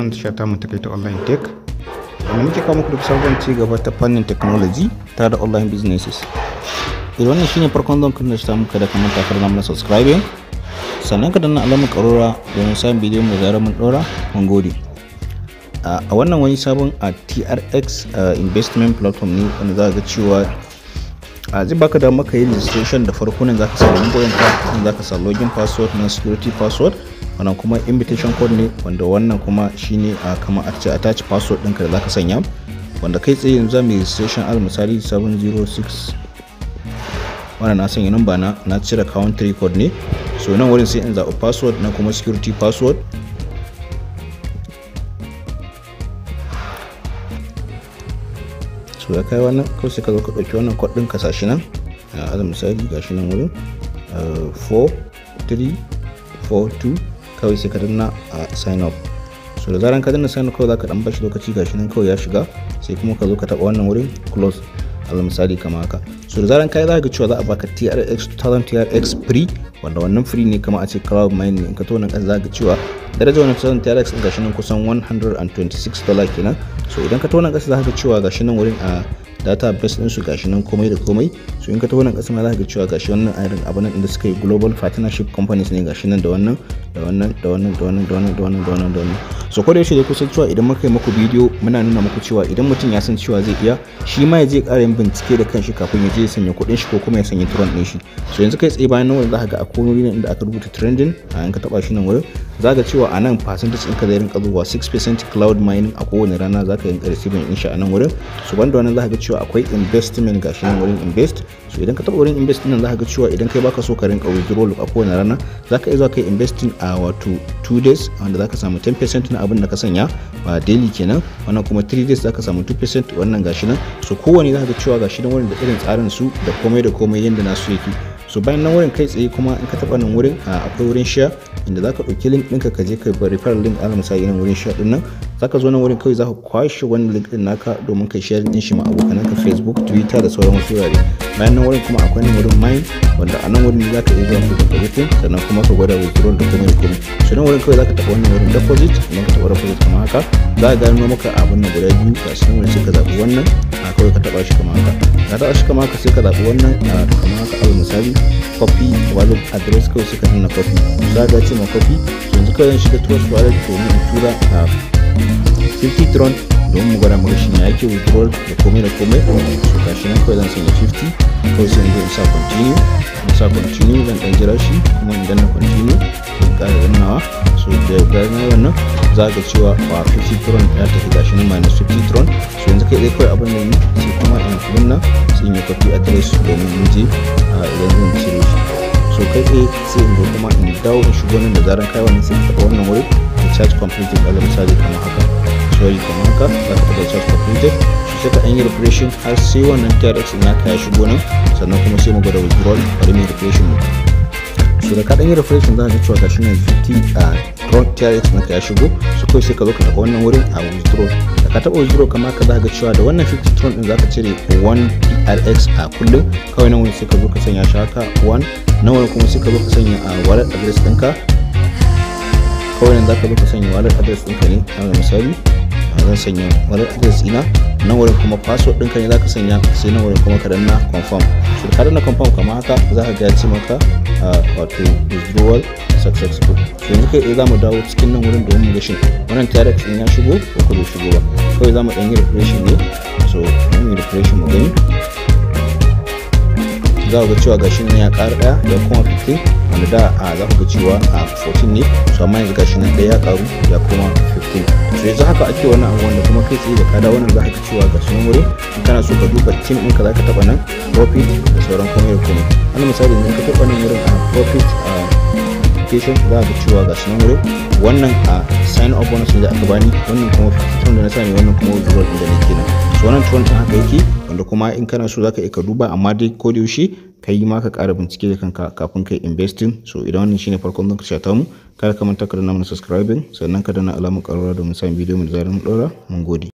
wanda shata mu takaita online tech wanda muke kawo muku duk sabon ci gaba ta fannin technology tare da online businesses idan eh, wannan shine farkon zan kun da shata muka da kamar takar na mana subscribe sannan ka danna alamar karora domin samun bidiyon mu zarar mun dora mun gode a wannan wani sabon a trx eh, investment platform ne wanda za ga cewa a ji baka da maka yi registration da farko nan zaka samu lambar ka nan zaka samu login password na security password wannan kuma invitation code ne wanda wannan kuma shine a kama kamar attach password ɗinka da zaka sanya wanda kai tsaye yanzu zamu registration al misali 706 wannan na sanya number na na cire country code ne so nan wurin sai in zaɓi password na kuma security password to ya kai wannan kawai sai ka zo ka ɗauki wannan kwaɗin ɗin ka sashi nan alal misali ga shi nan wurin 4 3 4 2 kawai sai ka danna sign up so da zaran ka danna sign up kawai za ka ɗan bashi lokaci ga shi nan kawai ya shiga sai kuma ka zo ka taɓa wannan wurin close alal misali kama haka so da zaran kai za ka cewa za a baka trx 2000 trx free wanda wannan firi ne kama a ce cloud mine ne in ka tona kan za ka cewa daraja wani tsarin telex ga shi nan kusan 126 dollar kenan so idan ka tona kasa za ka cewa shi nan wurin a database din su shi nan komai da komai so in ka tona kasa ma za ka cewa shi wannan irin abin nan da suka yi global partnership companies ne shi nan da wannan da wannan da wannan da wannan da wannan da wannan da wannan so ko da yaushe dai kusan cewa idan muka yi muku bidiyo muna nuna muku cewa idan mutum ya san cewa zai iya shi ma ya je ƙara yin bincike da kanshi kafin ya je ya sanya kuɗin shi ko kuma ya sanya tron ɗin shi so yanzu kai tsaye bayan nan za ka ga a wani inda aka rubuta trending a yanka ka taɓa shi nan wurin za ga cewa a nan percentage ɗinka zai rinka zuwa 6% cloud mining a kowane rana za ka yi receiving in sha a nan wurin so banda wannan za ka ga cewa akwai investment ga shi nan wurin invest so idan ka taɓa wurin invest ɗin za ka ga cewa idan kai baka so ka rinka withdrawal a kowane rana za ka iya zuwa kai investing a wato 2 days wanda za ka samu 10% na abin da ka sanya ba daily kenan wannan kuma 3 days za ka samu 2% wannan gashi nan so kowane za ka ga cewa gashi nan wurin da irin tsarin su da komai da komai yadda nasu yake so bayan nan wurin kai tsaye kuma in ka taɓa nan wurin akwai wurin share inda zaka ɗauki link ɗinka ka je ka bar referral link ana misali irin wurin share nan zaka zo nan wurin kawai zaka kwashe wannan link ɗin naka domin kai share ɗin shi ma abokananka Facebook Twitter da sauran wasu wurare bayan nan wurin kuma akwai nan wurin mine wanda a nan wurin zaka iya zuwa ka deposit sannan kuma ka gwada withdrawal da kuma redeem so nan wurin kawai zaka taɓa wannan wurin deposit idan ka taɓa deposit kama haka za ka gano maka abin nan guda biyu ka sanar wurin sai ka zaɓi wannan a kawai ka taɓa shi kamar haka ka taɓa shi kamar haka sai ka zaɓi wannan kamar haka alal misali copy wallet address kawai sai ka copy za ka ce makofi yanzu kawai shiga tuwas wallet domin in tura a 50 tron don mu gwada shi ne yake withdrawal da komai da komai so gashi nan kawai zan sanya 50 ko sai in sa continue in sa continue zan dan jira shi kuma in danna continue in ƙara dannawa so da ga na wannan za ka cewa ba 50 tron ya tafi gashi nan minus 50 tron so yanzu kai dai kawai abin da yi sai kuma in kuma na sai in yi copy address domin in je a yanzu AA sai in zo kuma in dawo in shigo nan da zaran kai wannan sai ka wannan wuri da charge completed alal misali kamar haka sorry kamar haka za ka taɓa charge completed shi sai ka yi refreshing har sai wannan TRX na ka ya shigo nan sannan kuma sai mu gwada withdrawal bari mu refreshing mu to da ka refreshin yi refreshing za ka cewa ga shi na VT a drone TRX na ka ya shigo su kai sai ka zo ka tafi wannan wurin a withdraw da ka taba withdraw kama ka za ka cewa da wannan 50 tron din za ka cire 1 PRX a kullum kawai nan wani sai ka zo ka sanya shi haka 1 nan wani kuma sai ka zo ka sanya a wallet address ɗinka kawai nan za ka zo ka sanya wallet address ɗinka ne a misali zan sanya wallet address ina nan wurin kuma password ɗinka ne zaka sanya sai nan wurin kuma ka danna confirm so ka danna confirm kamar haka za ka ga maka ah, wato withdrawal successful so yanzu kai za mu dawo cikin nan wurin domin rashin wannan direct ɗin ya shigo ko ko bai shigo ba kawai za mu ɗanyi yi refreshing ne so mu yi refreshing mu gani za ku ga cewa gashin ya ƙara ɗaya da kuma 15 wanda da a za ku ga cewa a 14 ne su amma yanzu gashi nan ɗaya ya karu ya kuma 15 to yanzu haka ake wannan abu wanda kuma kai tsaye da kada wannan za ka cewa ga sunan wurin in kana so ka duba team in ka za ka taɓa nan profit da sauran kuma ya kuma ana misali idan ka taba nan wurin a profit a notification za ga cewa ga sunan wurin wannan a sign up bonus da aka bani wannan kuma 50 da na sani wannan kuma zuwa da nake nan so wannan tuwon haka yake wanda kuma in kana so zaka iya ka duba amma dai ko da yaushe ka yi ma ka ƙara bincike da kanka kafin kai investing so idan wannan shine farkon zan karshe ta mu kada ka manta ka danna mana subscribing sannan ka danna alamar ƙararrawa domin samun bidiyo mu da zarar mun ɗora mun gode